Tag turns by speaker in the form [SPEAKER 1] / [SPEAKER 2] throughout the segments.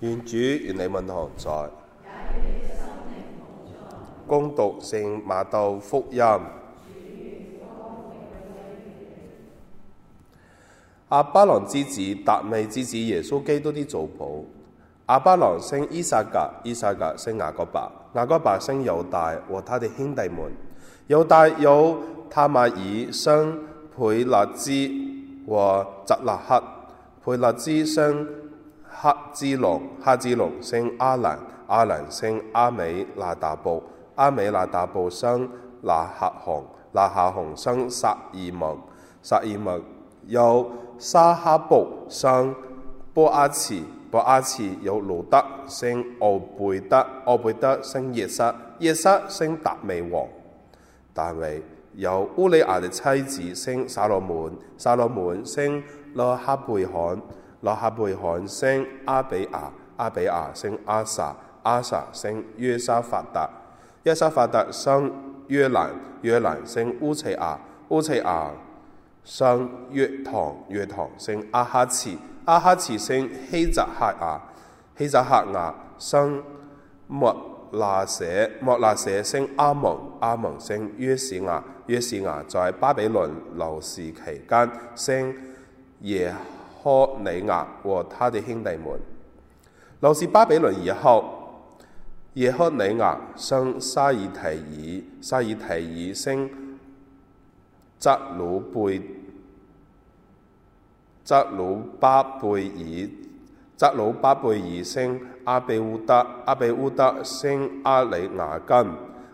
[SPEAKER 1] 願主與你們同在，恭讀聖瑪竇福音。亞巴郎之子達味之子耶穌基督的族譜。亞巴郎生伊撒格，伊撒格生雅各伯，雅各伯生猶大和他的兄弟們。猶大有塔瑪爾生佩勒茲和扎納克，佩勒茲生哈之龍，哈之龍生阿蘭，阿蘭生阿美納達布，阿美納達布生那克航，那克航生撒爾蒙，撒爾蒙，沙爾蒙有沙哈布生波阿茨，波阿茨有路德，生奧貝德，奧貝德生耶沙，耶沙生達美王，達美有烏里亞的妻子生撒羅門，撒羅門生拉哈貝罕。勒哈貝罕生阿比亞，阿比亞生阿撒，阿撒生約沙法特，約沙法特生約蘭，約蘭生烏齊亞，烏齊亞生約唐，約唐生阿哈茨，阿哈茨生希扎克亞，希扎克亞生莫那舍，莫那舍生阿蒙，阿蒙生約士亞，約士亞士亞在巴比倫流徙期間，生耶科尼亞和他的兄弟們，流士巴比倫以後，耶科尼亞生沙爾提爾，沙爾提爾生則魯貝則魯巴貝爾，則魯巴貝爾生阿比烏德，阿比烏德生阿里亞根。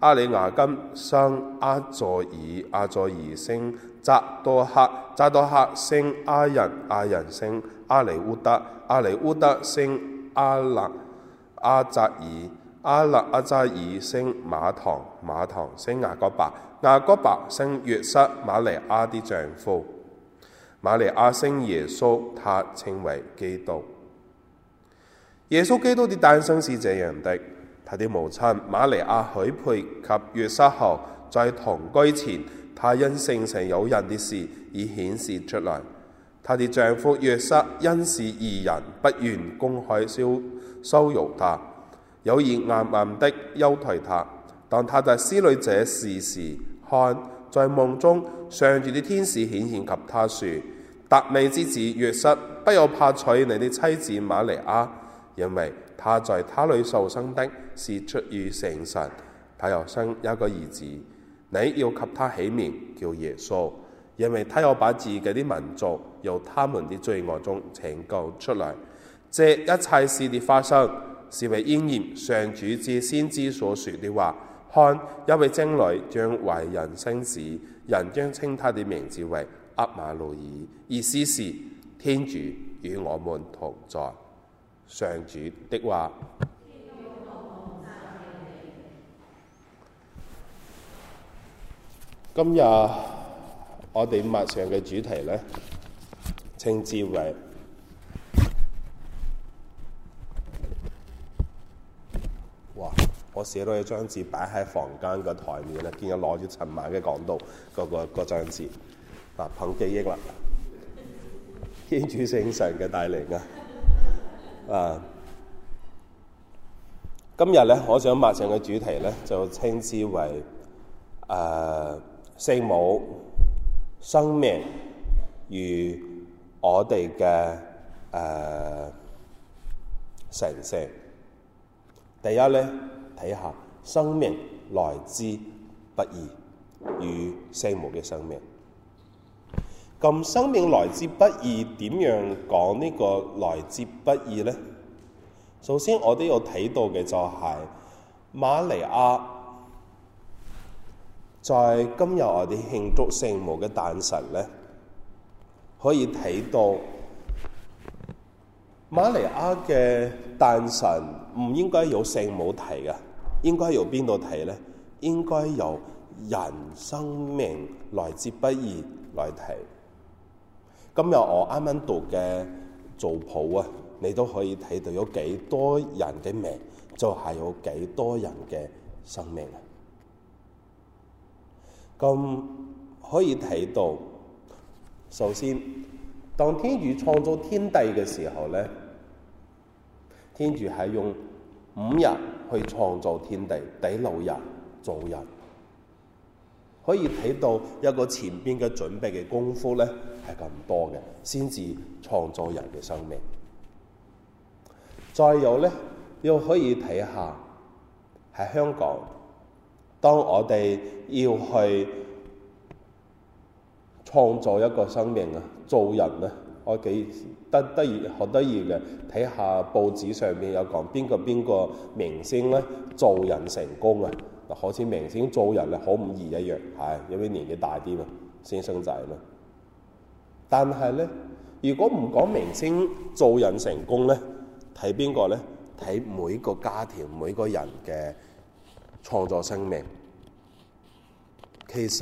[SPEAKER 1] 阿里亞金生阿佐爾，阿佐爾生扎多克，扎多克生阿仁，阿仁生阿里烏德，阿里烏德生阿勒阿扎爾，阿勒阿扎爾生馬唐，馬唐生雅各伯，雅各伯生若瑟，瑪利亞的丈夫，瑪利亞生耶穌，他稱為基督。耶穌基督的誕生是這樣的。他的母親瑪利亞許配及約瑟後，在同居前，他因聖神有孕的事已顯示出來。他的丈夫約瑟因是義人，不願公開羞辱他，有意暗暗的休退他。當他在思慮這事時，看在夢中上主的天使顯現給他説：達味之子約瑟，不要怕娶你的妻子瑪利亞，因為。他在他裏受生的是出於聖神，他又生一個兒子，你要給他起名叫耶穌，因為他又把自己的民族由他們的罪惡中拯救出來。這一切事的發生是為應驗上主藉先知所說的話。看，一位精女將懷孕生子，人將稱他的名字為厄馬路爾，意思是天主與我們同在。上主的話。今日我哋默上嘅主題咧，稱之為哇！我寫到一張字擺喺房間嘅台面啦，見到攞住尋晚嘅講道嗰個嗰張字，啊憑記憶啦，天主聖神嘅帶領啊！啊、uh，今日呢，我想擘上嘅主題呢，就稱之為誒聖、呃、母生命與我哋嘅誒神聖。第一呢，睇下生命來之不易，與聖母嘅生命。咁生命來之不易，點樣講呢個來之不易呢？首先我哋要睇到嘅就係瑪利亞，在今日我哋慶祝聖母嘅誕辰咧，可以睇到瑪利亞嘅誕辰唔應該由聖母睇嘅，應該由邊度睇咧？應該由人生命來之不易來睇。今日我啱啱讀嘅造譜啊，你都可以睇到有幾多人嘅、就係、命，就係有幾多人嘅生命啊。咁可以睇到，首先當天主創造天地嘅時候咧，天主係用五日去創造天地，第六日造人，可以睇到一個前邊嘅準備嘅功夫咧，係咁多嘅，先至創造人嘅生命。再有咧，又可以睇下喺香港，當我哋要去創造一個生命啊，做人啊，我幾得得意，好得意嘅。睇下報紙上面有講邊個邊個明星咧，做人成功啊！嗱，好似明星做人咧，好唔易一樣，係因為年紀大啲嘛，先生仔嘛。但係咧，如果唔講明星做人成功咧，睇邊個咧？睇每個家庭、每個人嘅創作生命。其實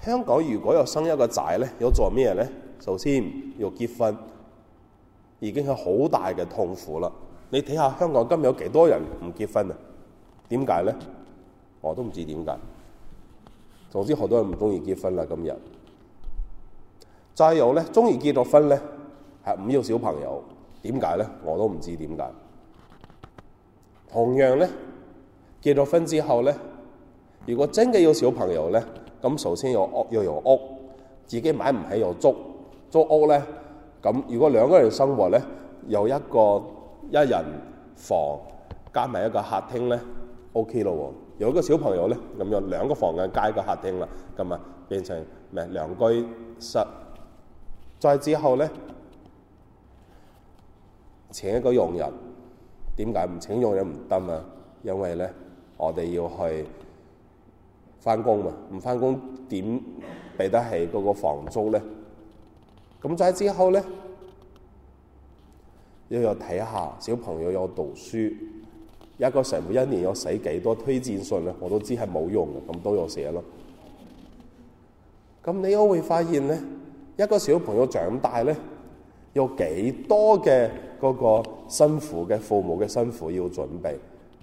[SPEAKER 1] 香港如果有生一個仔咧，要做咩咧？首先要結婚，已經係好大嘅痛苦啦。你睇下香港今日有幾多人唔結婚啊？點解咧？我都唔知點解，總之好多人唔中意結婚啦。今日。再有咧，中意結咗婚咧，係唔要小朋友，點解咧？我都唔知點解。同樣咧，結咗婚之後咧，如果真嘅要小朋友咧，咁首先要有屋，要有屋，自己買唔起又租租屋咧。咁如果兩個人生活咧，有一個一人房加埋一個客廳咧，OK 咯喎。有一個小朋友咧，咁樣兩個房間加一個客廳啦，咁啊變成咩？兩居室。再之後咧，請一個傭人，點解唔請傭人唔得嘛？因為咧，我哋要去翻工嘛，唔翻工點俾得起嗰個房租咧？咁再之後咧，又要睇下小朋友有讀書，一個成年一年要寫幾多推薦信咧？我都知係冇用嘅，咁都有寫咯。咁你又會發現咧，一個小朋友長大咧，有幾多嘅嗰個辛苦嘅父母嘅辛苦要準備，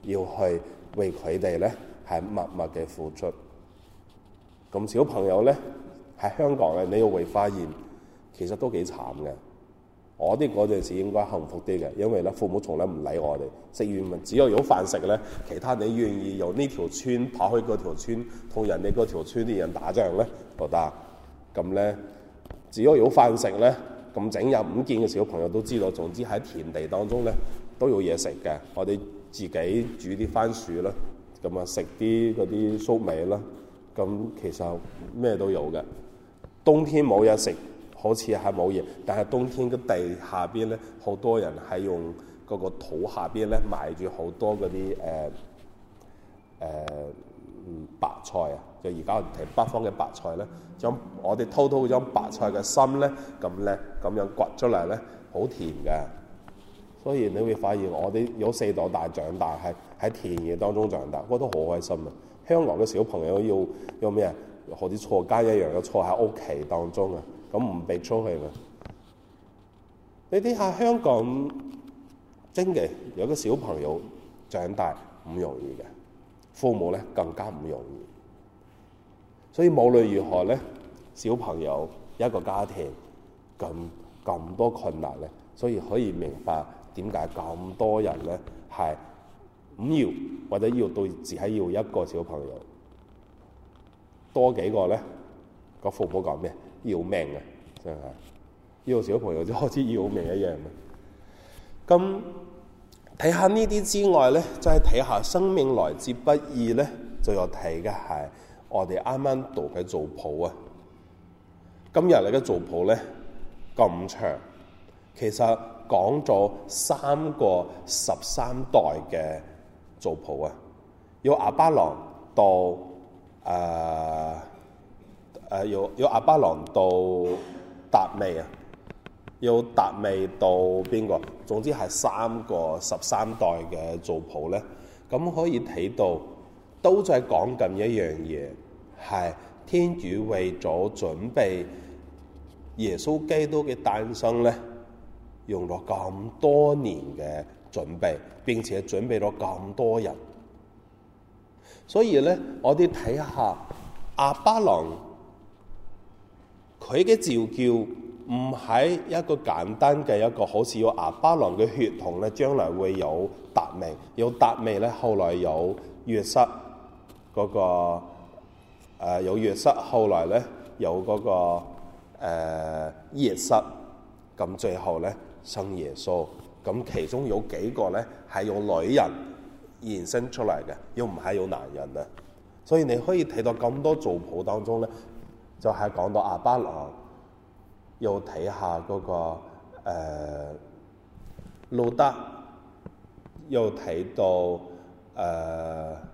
[SPEAKER 1] 要去為佢哋咧係默默嘅付出。咁小朋友咧，喺香港咧，你又會發現其實都幾慘嘅。我哋嗰陣時應該幸福啲嘅，因為咧，父母從來唔理我哋，食完飯只要有飯食咧，其他你願意由呢條村跑去嗰條村同人哋嗰條村啲人打仗咧都得。咁咧。只要有飯食咧，咁整日唔見嘅小朋友都知道。總之喺田地當中咧，都有嘢食嘅。我哋自己煮啲番薯啦，咁啊食啲嗰啲粟米啦。咁其實咩都有嘅。冬天冇嘢食，好似係冇嘢，但係冬天嘅地下邊咧，好多人係用嗰個土下邊咧埋住好多嗰啲誒誒白菜啊！就而家提北方嘅白菜咧，將我哋偷偷將白菜嘅心咧咁咧咁樣掘出嚟咧，好甜嘅。所以你會發現我哋有四代大長大，喺喺田野當中長大，我覺得都好開心啊！香港嘅小朋友要要咩啊？好似坐監一樣錯，要坐喺屋企當中啊，咁唔俾出去啦。你睇下香港真嘅，有個小朋友長大唔容易嘅，父母咧更加唔容易。所以無論如何咧，小朋友一個家庭咁咁多困難咧，所以可以明白點解咁多人咧係唔要或者要對自己要一個小朋友多幾個咧，個父母講咩？要命嘅、啊、真係要小朋友就好似要命一樣啦。咁睇下呢啲之外咧，再睇下生命來之不易咧，就有睇嘅係。我哋啱啱讀嘅造譜啊，今日你嘅造譜咧咁長，其實講咗三個十三代嘅造譜啊，由亞巴郎到誒誒，由由亞巴郎到達味啊，由達味到邊個？總之係三個十三代嘅造譜咧，咁可以睇到。都在講緊一樣嘢，係天主為咗準備耶穌基督嘅誕生。呢用咗咁多年嘅準備，並且準備咗咁多人。所以呢，我哋睇下阿巴郎，佢嘅召叫唔係一個簡單嘅一個，好似有阿巴郎嘅血統，呢將來會有達味，有達味呢，後來有約瑟。嗰、那個、呃、有約瑟，後來咧有嗰、那個誒、呃、耶失，咁最後咧生耶穌。咁其中有幾個咧係用女人衍生出嚟嘅，又唔係有男人啊。所以你可以睇到咁多做譜當中咧，就係、是、講到亞巴郎，又睇下嗰個、呃、路德，又睇到誒。呃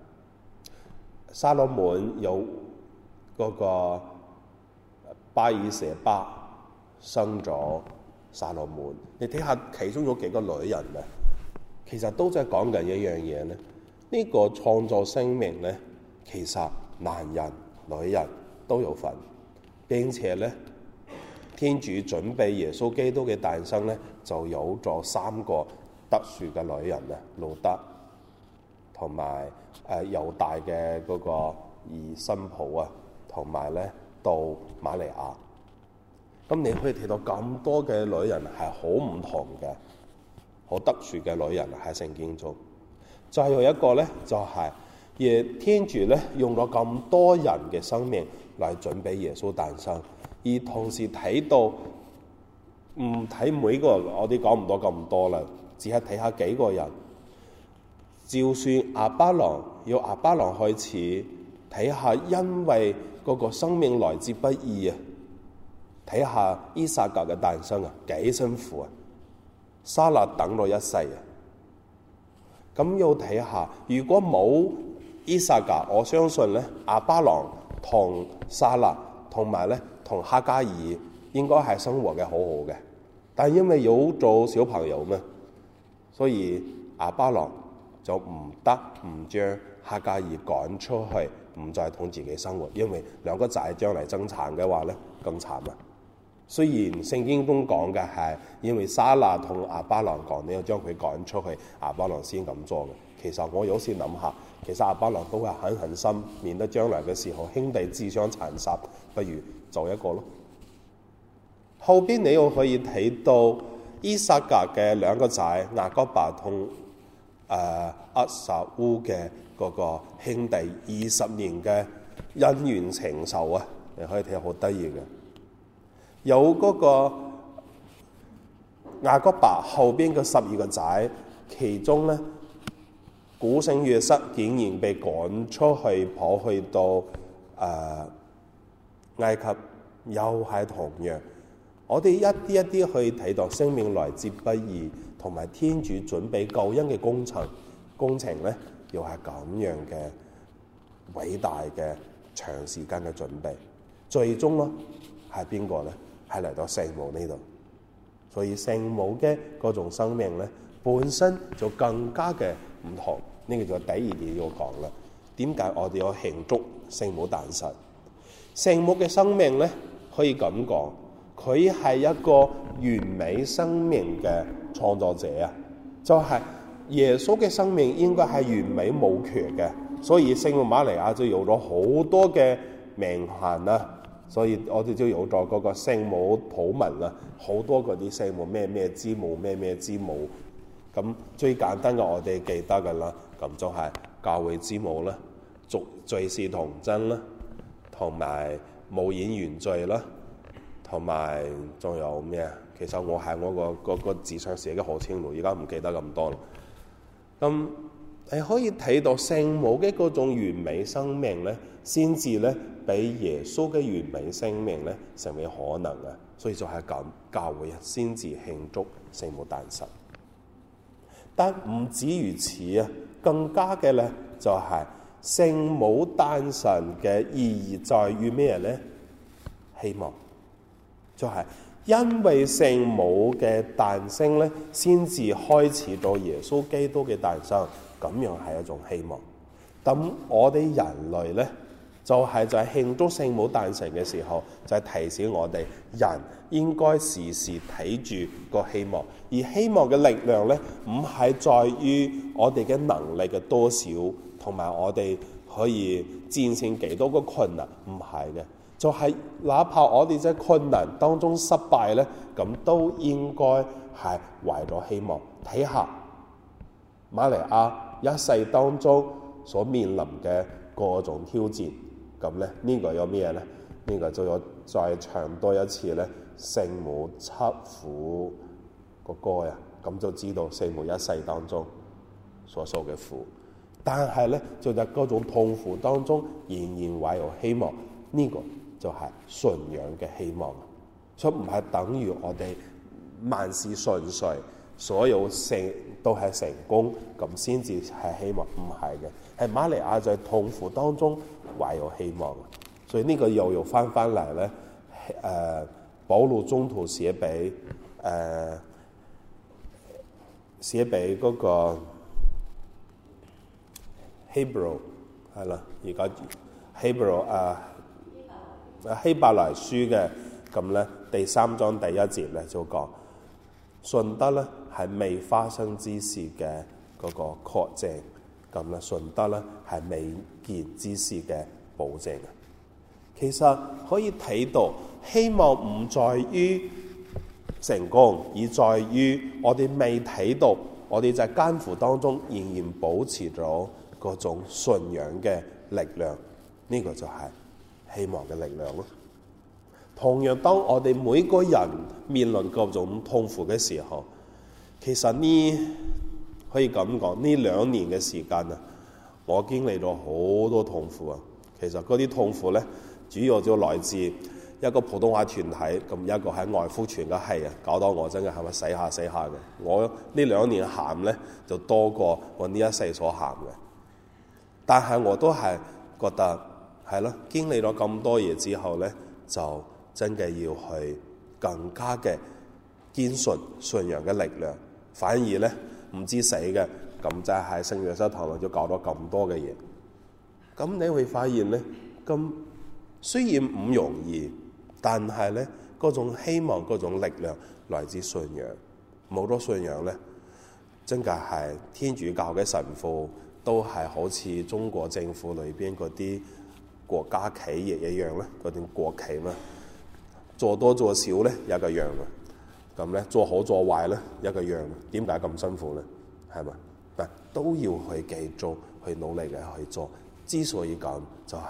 [SPEAKER 1] 沙羅門有嗰個巴爾舍巴生咗沙羅門，你睇下其中有幾個女人啊？其實都係講緊一樣嘢咧。呢個創造生命，咧，其實男人女人都有份，並且咧，天主準備耶穌基督嘅誕生咧，就有咗三個特殊嘅女人啊，路德。同埋誒猶大嘅嗰個兒新抱啊，同埋咧到瑪利亞，咁你可以睇到咁多嘅女人係好唔同嘅，好特殊嘅女人喺聖經中。最後一個咧，就係、是、耶天主咧用咗咁多人嘅生命嚟準備耶穌誕生，而同時睇到唔睇每個我哋講唔到咁多啦，只係睇下幾個人。照算阿巴郎，由阿巴郎開始睇下，看看因為嗰個生命來之不易啊。睇下伊撒格嘅誕生啊，幾辛苦啊！沙拿等咗一世啊。咁要睇下，如果冇伊撒格，我相信咧，阿巴郎同沙拿同埋咧同哈加爾應該係生活嘅好好嘅。但因為有咗小朋友咩，所以阿巴郎，就唔得唔將哈加爾趕出去，唔再同自己生活，因為兩個仔將嚟爭產嘅話呢，更慘啊！雖然聖經中講嘅係，因為莎娜同阿巴郎講，你要將佢趕出去，阿巴郎先咁做嘅。其實我有時諗下，其實阿巴郎都係狠狠心，免得將嚟嘅時候兄弟自相殘殺，不如做一個咯。後邊你又可以睇到伊撒格嘅兩個仔雅各伯同。誒、uh, 阿撒烏嘅嗰個兄弟二十年嘅恩怨情仇啊，你可以睇好得意嘅。有嗰個亞哥伯後邊嘅十二個仔，其中咧古聖若瑟竟然被趕出去，跑去到誒、uh, 埃及，又係同樣。我哋一啲一啲去睇到生命來之不易。同埋天主準備救恩嘅工程，工程咧又係咁樣嘅偉大嘅長時間嘅準備，最終咯係邊個咧？係嚟到聖母呢度。所以聖母嘅嗰種生命咧，本身就更加嘅唔同。呢、呢個就第二嘢要講啦。點解我哋要慶祝聖母誕辰？聖母嘅生命咧，可以咁講。佢係一個完美生命嘅創作者啊！就係、是、耶穌嘅生命應該係完美無缺嘅，所以聖母瑪利亞就有咗好多嘅名限啦。所以我哋就有咗嗰個聖母普文啦，好多嗰啲聖母咩咩之母、咩咩之母。咁最簡單嘅我哋記得嘅啦，咁就係教會之母啦，卒世童貞啦，同埋無染原罪啦。同埋仲有咩啊？其實我喺我個個個紙上寫嘅好清楚，而家唔記得咁多啦。咁係可以睇到聖母嘅嗰種完美生命咧，先至咧俾耶穌嘅完美生命咧成為可能嘅。所以就係咁，教會先至慶祝聖母誕辰。但唔止如此啊，更加嘅咧就係聖母誕辰嘅意義在於咩咧？希望。就係因為聖母嘅誕生咧，先至開始到耶穌基督嘅誕生，咁樣係一種希望。咁我哋人類咧，就係在慶祝聖母誕辰嘅時候，就係提醒我哋人應該時時睇住個希望。而希望嘅力量咧，唔係在於我哋嘅能力嘅多少，同埋我哋可以戰勝幾多個困難，唔係嘅。就係、是、哪怕我哋在困難當中失敗咧，咁都應該係懷咗希望。睇下瑪利亞一世當中所面臨嘅各種挑戰，咁咧呢個有咩咧？呢、這個就有再唱多一次咧，聖母七苦個歌啊，咁就知道聖母一世當中所受嘅苦。但係咧，就在各種痛苦當中，仍然懷有希望。呢、這個。就係、是、信仰嘅希望，所以唔係等於我哋萬事順遂，所有成都係成功咁先至係希望，唔係嘅。係瑪利亞在痛苦當中懷有希望，所以呢個又又翻翻嚟咧。誒、啊，保祿宗徒寫俾誒、啊、寫俾嗰個 Hebrew 係啦，而家 Hebrew 啊。希伯來書嘅咁咧，第三章第一節咧就講，信德咧係未發生之事嘅嗰個確證，咁咧信德咧係未見之事嘅保證啊。其實可以睇到，希望唔在於成功，而在於我哋未睇到，我哋就喺艱苦當中仍然保持咗嗰種信仰嘅力量，呢個就係。希望嘅力量咯。同樣，當我哋每個人面臨各種痛苦嘅時候，其實呢可以咁講，呢兩年嘅時間啊，我經歷咗好多痛苦啊。其實嗰啲痛苦咧，主要就來自一個普通話團體，咁一個喺外服團嘅係啊，搞到我真係係咪死下死下嘅。我呢兩年喊咧就多過我呢一世所喊嘅，但係我都係覺得。係咯，經歷咗咁多嘢之後咧，就真嘅要去更加嘅堅信信仰嘅力量。反而咧唔知死嘅咁就喺聖約瑟堂度就搞咗咁多嘅嘢。咁你會發現咧，咁雖然唔容易，但係咧嗰種希望、嗰種力量來自信仰。冇咗信仰咧，真嘅係天主教嘅神父都係好似中國政府裏邊嗰啲。國家企業一樣咧，嗰啲國企嘛，做多做少咧一個樣啊。咁咧做好做壞咧一個樣嘅，點解咁辛苦咧？係咪？但都要去繼續去努力嘅去做。之所以咁，就係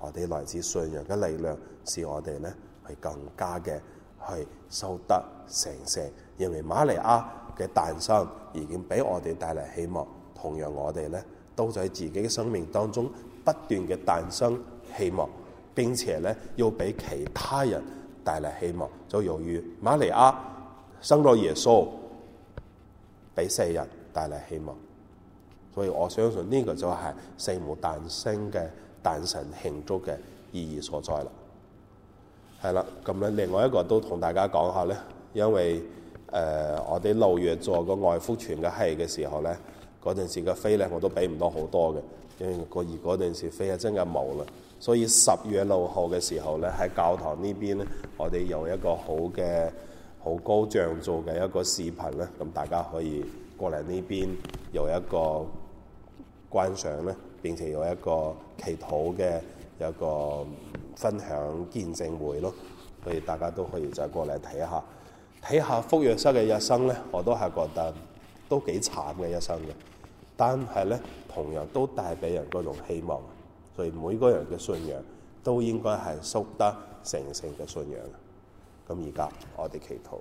[SPEAKER 1] 我哋來自信仰嘅力量，使我哋咧係更加嘅去收得成成。因為瑪利亞嘅誕生已經俾我哋帶嚟希望，同樣我哋咧都在自己嘅生命當中。不斷嘅誕生希望，並且咧要俾其他人帶嚟希望。就由於瑪利亞生咗耶穌，俾世人帶嚟希望。所以我相信呢個就係聖母誕生嘅誕辰慶祝嘅意義所在啦。係啦，咁咧另外一個都同大家講下咧，因為誒、呃、我哋六月做個外父傳嘅戲嘅時候咧，嗰陣時嘅飛咧我都俾唔到好多嘅。因為過年嗰段時飛係真係冇啦，所以十月六號嘅時候咧，喺教堂呢邊咧，我哋有一個好嘅、好高像素嘅一個視頻咧，咁大家可以過嚟呢邊有一個觀賞咧，並且有一個祈禱嘅一個分享見證會咯，所以大家都可以就過嚟睇下，睇下福若瑟嘅一生咧，我都係覺得都幾慘嘅一生嘅。但係咧，同樣都帶俾人嗰種希望，所以每個人嘅信仰都應該係守得成成嘅信仰。咁而家我哋祈禱。